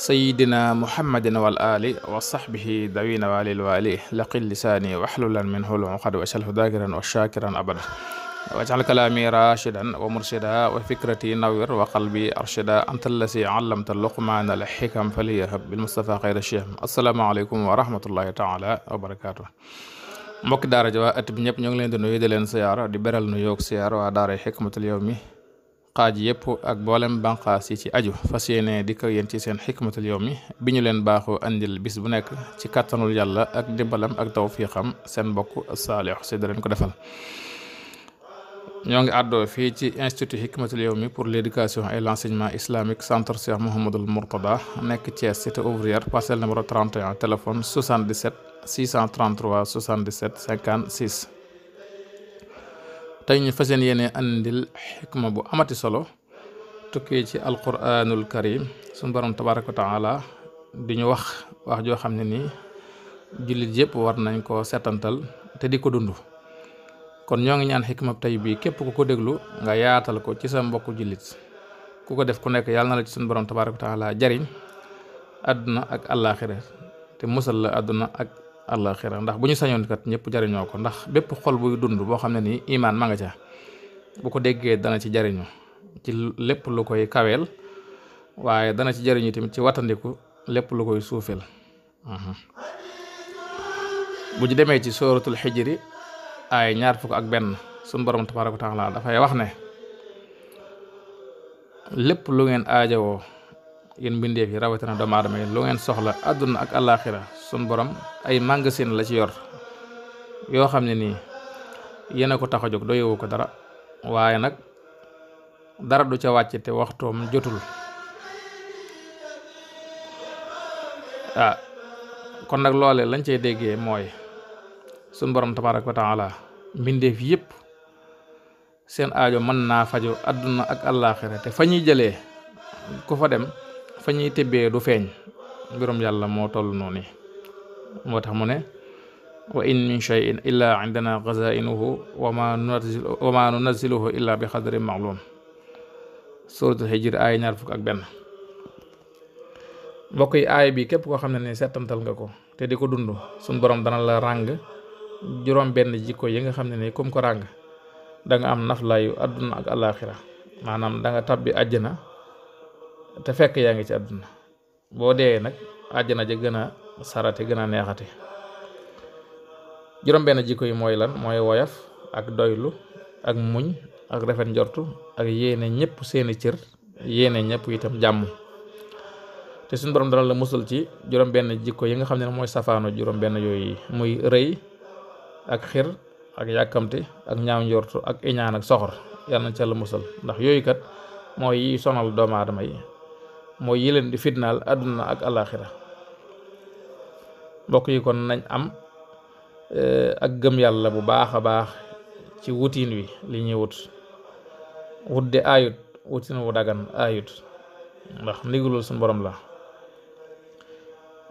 sayidina muhammadin wal ali wa dawina walil wali laqil lisaani waxlulan min hulum qad wacalhu dakiran wa shakiran abada wajal kalaami rashidan wa murshida wa fikrati nawir wa qalbi arshida anta allasi allamta luqmaana al xikam faliyahab bilmustafa xayra shiham wa rahmatullahi taala wa barakatuh at bi ñëpp ñoo ngi leen di nuyu di xaaj yëpp ak boolem banqaas yi ci aju fas yéene di ko yéen ci seen xikmatul mi bi ñu leen baaxoo andil bis bu nekk ci kàttanul yàlla ak ndimbalam ak tawfiixam seen mbokk saalix si da ko defal ñoo ngi àddoo fii ci institut xikmatul yawmi pour l'éducation et l'enseignement islamique centre Cheikh Mouhamadul Mourtada nekk Thiès cité ouvrière parcelle numéro 31 tey ñu fas yéene andil xikma bu amati solo tukkee ci alquranul karim sunu borom tabaaraka wa taala di ñu wax wax joo xam ne nii jullit yëpp war nañ koo setantal te di ko dund kon ñoo ngi ñaan xikma tey bii képp ku ko déglu nga yaatal ko ci sa mbokku jullit ku ko def ku nekk yàlla na la ci sunu borom tabaaraka wa jariñ àdduna ak àllaaxira te musal la àdduna ak àllaaxira ndax bu ñu sañoon kat ñëpp jariñoo ko ndax bépp xol buy dund boo xam ne nii imaan ma nga ca bu ko déggee dana ci jariñu ci lépp lu koy kaweel waaye dana ci jariñu tamit ci watandiku lépp lu koy suufeel bu ñu demee ci sooratul xijiri ay ñaar fukk ak benn sun borom tabaaraka taax taala dafay wax ne lépp lu ngeen aajowoo yéen mbindeef yi rawatina doomu aadama yi lu ngeen soxla àdduna ak àllaaxira sun borom ay magasin la ci yor yoo xam ne nii yéen ko tax a jóg doyewu ko dara waaye nag dara du ca wàcc te waxtoom jotul ah, kon nag loole lañ cay déggee mooy sun borom tabaaraka wa taala mbindeef yépp seen aajo mën naa fajo àdduna ak àllaaxira te fa ñuy jëlee ku fa dem fa ñuy tibbee du feeñ mbirum yàlla moo tollu noonu moo tax mu ne wa in min cheyin illa indana xazainuhu wama wama nunaziluhu illa bi xadri maalum suratul hijr aay ñaar fukk ak benn mbokk yi aay bi képp koo xam ne ni settantal nga ko te di ko dund suñ borom dana la ràng juróom benn jikko yi nga xam ne ni kum ko ràng da nga am naflaayu àdduna ak alaaxira maanaam da nga tabbi àjjana te fekk yaa ngi ci àdduna boo dee nag àjjana ja gën a sarate gën a neexati juróom-benn jikko yi mooy lan mooy woyaf ak doylu ak muñ ak rafet njortu ak yéene ñëpp seeni cër yéene ñëpp itam jàmm te suñu borom dana la musal ci juróom-benn jikko yi nga xam ne mooy safaano juróom-benn yooyu muy rëy ak xir ak yàkkamti ak ñaaw njortu ak iñaan ak soxor yàlla na ca la musal ndax yooyu kat mooy yi sonal doomu aadama yi mooy yi leen di fitnaal àdduna ak alaaxira mbokk yi kon nañ am eh, ak gëm yàlla bu baax a baax ci wutiin wi li ñuy wut wut de ayut wutin wu dagan ayut ndax ndigalul suñu borom la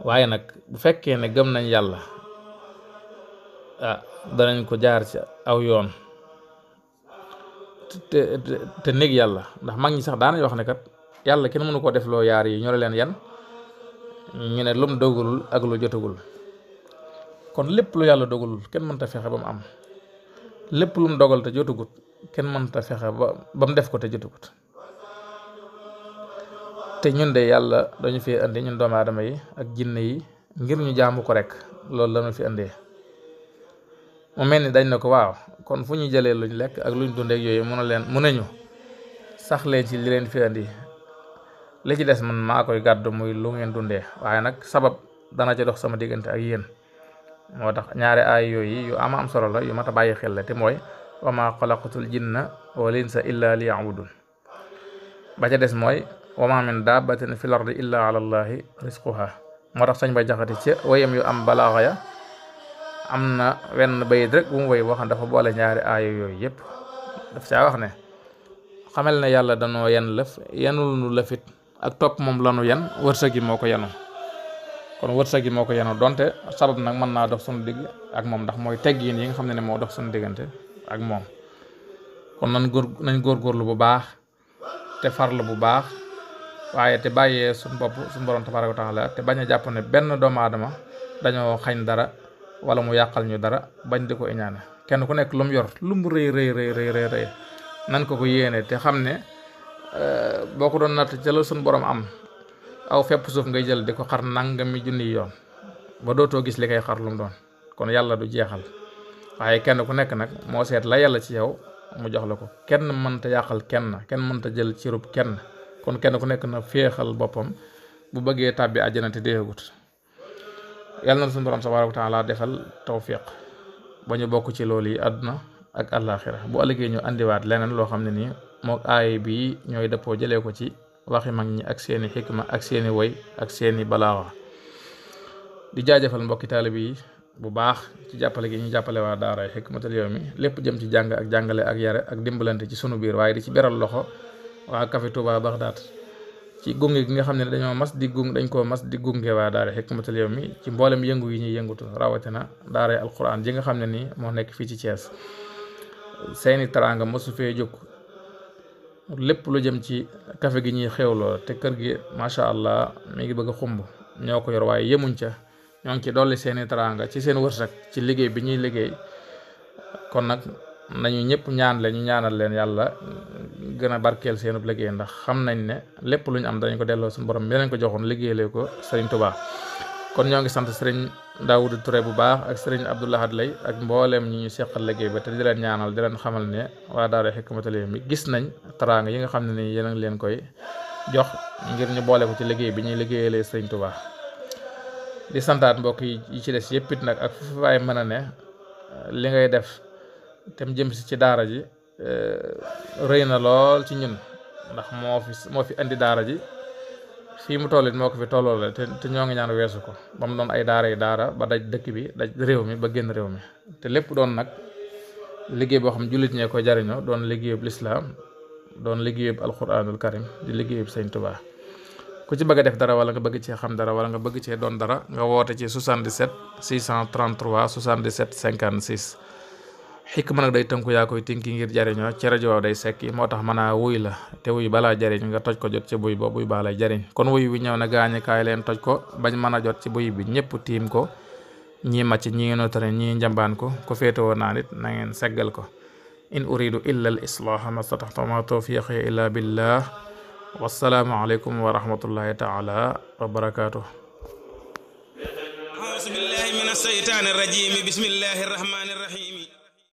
waaye nag bu fekkee ne gëm nañ yàlla ah danañ ko jaar ci aw yoon te te néeg yàlla ndax mag ñi sax daanañ wax ne kat yàlla kenn mënu ko def loo yaar yi ñore leen yan ñu ne lum dogalul ak lu jotagul kon lépp lu yàlla dogalul kenn mënta fexe ba mu am lépp lum dogal te jotagut kenn mënta fexe ba ba mu def ko te jotagut te ñun de yàlla dañu fi indi ñun doomu aadama yi ak jinne yi ngir ñu jaamu ko rek loolu lañu fi indee mu mel ni dañ na ko waaw kon fu ñu jëlee luñ lekk ak luñ dundeek yooyu mun a leen mun nañu sax leen ci li leen fi indi li ci des man maa koy gàddu muy lu ngeen dundee waaye nag sabab dana ci dox sama diggante ak yéen moo tax ñaari aay yooyu yu ama am solo la yu mat a bàyyi xel la te mooy wa maa xalaqatul jinna wal insa illa li yaabudun ba ca des mooy wa maa min daabatin fil ardi illa ala llahi risquha moo tax sañ ba jaxati ci wayam yu am balaaxa ya am na wenn bayit rek bu mu woy wax dafa boole ñaari aaya yooyu yépp daf caa wax ne xamal ne yàlla danoo yen ak topp moom lanu yan wërsëg yi moo ko yanu kon wërsëg yi moo ko yanu donte sabab nag mën naa dox sunu digg ak moom ndax mooy teggin yi nga xam ne ne moo dox sunu diggante ak moom kon nañ góor nañ góorgóorlu bu baax te farlu bu baax waaye te bàyyee suñ bopp suñ borom tabaaraka wa taala te bañ a jàpp ne benn doomu aadama dañoo xañ dara wala mu yàqal ñu dara bañ di ko iñaane kenn ku nekk lu mu yor lu mu rëy rëy rëy rëy rëy ko ko yéene te xam ne Euh, boo ko doon natt jëlal suñ boroom am aw fepp suuf ngay jël di ko xar nangami junni yoon ba dootoo gis li koy xar lu doon kon yàlla du jeexal waaye kenn ku nekk nag moo seet la yàlla ci yow mu jox la ko kenn mënta yàqal kenn kenn mënta jël ci rub kenn kon kenn ku nekk na féexal boppam bu bëggee tàbbi àjjana te déegut yàlla na suñu borom subhaanahu wa laa defal tawfiq ba ñu bokk ci loolu yi àdduna ak àllaaxira bu ëllëgee ñu andiwaat leneen loo xam ne nii mook aay bii ñooy dëppoo jëlee ko ci waxi mag ñi ak seeni xikma ak seeni woy ak seeni balaawa di jaajëfal mbokki taalib yi bu baax ci jàppale gi ñu jàppale waa daaray Hikmatul Yawmi lépp jëm ci jàng ak jàngale ak yare ak dimbalante ci sunu biir waaye di ci beral loxo waa Café Touba Bagdad ci gunge nga xam ne dañoo mas di gung dañ koo mas di gunge waa daaray Hikmatul ci mboolem yëngu yi ñuy yëngutu rawatina daaray alquran ji nga xam ne nii moo nekk fii ci cees seeni teraanga mosu fee jóg lépp lu jëm ci kafe gi ñuy xewloo te kër gi macha allah mi ngi bëgg xumb ñoo ko yor waaye yemuñ ca ñoo ngi ci dolli seeni teraanga ci seen wërsëg ci liggéey bi ñuy liggéey kon nag nañu ñëpp ñaan leen ñaanal leen yàlla gën a barkeel seenub liggéey ndax xam nañ ne lépp lu ñu am danañ ko delloo suñu borom yeneen ko joxoon liggéeyle ko Sëriñ Tuubaa kon ñoo ngi sant sëriñ Daawudu Ture bu baax ak sëriñ Abdul Ahad Lay ak mbooleem ñu ñu seqal liggéey ba te di leen ñaanal di leen xamal ne waa daara Hikmatul Yawmi gis nañ taraanga yi nga xam ne ni yéen ngi leen koy jox ngir ñu boole ko ci liggéey bi ñuy liggéeyalee sëriñ Tuubaa di santaat mbokk yi ci des yëpp it nag ak fu faay mën a ne li ngay def te mu jëm si ci daara ji eh, rëy na lool ci ñun ndax moo fi moo fi indi daara ji fii mu toll it moo ko fi tolloo la te te ñoo ngi ñaan weesu ko ba mu doon ay daara yi daara ba daj dëkk bi daj réew mi ba génn réew mi te lépp doon nag liggéey boo xam jullit ñee ko jariñoo doon liggéeyub lislaam doon liggéeyub alquranul karim di liggéeyub sëñ Tuubaa ku ci bëgg a def dara wala nga bëgg cee xam dara wala nga bëgg cee doon dara nga woote ci 77 633 77 56 xikma nag day tënku yaa koy tinki ngir jariñoo ci rajo waaw day sekki moo tax mën a wuy la te wuy balaa jariñ nga toj ko jot ci buy ba buy baa lay jariñ kon wuy wi ñëw na gaañi kaay leen toj ko bañ mën a jot ci buy bi ñëpp tiim ko ñii màcc ñii notare ñii njambaan ko ko féetewoo naa nit na ngeen seggal ko in uridu illa al islaaha mastataxta ma tawfiqi ila billah wassalaamu aleykum wa rahmatullahi taala wa barakatuh auzu billahi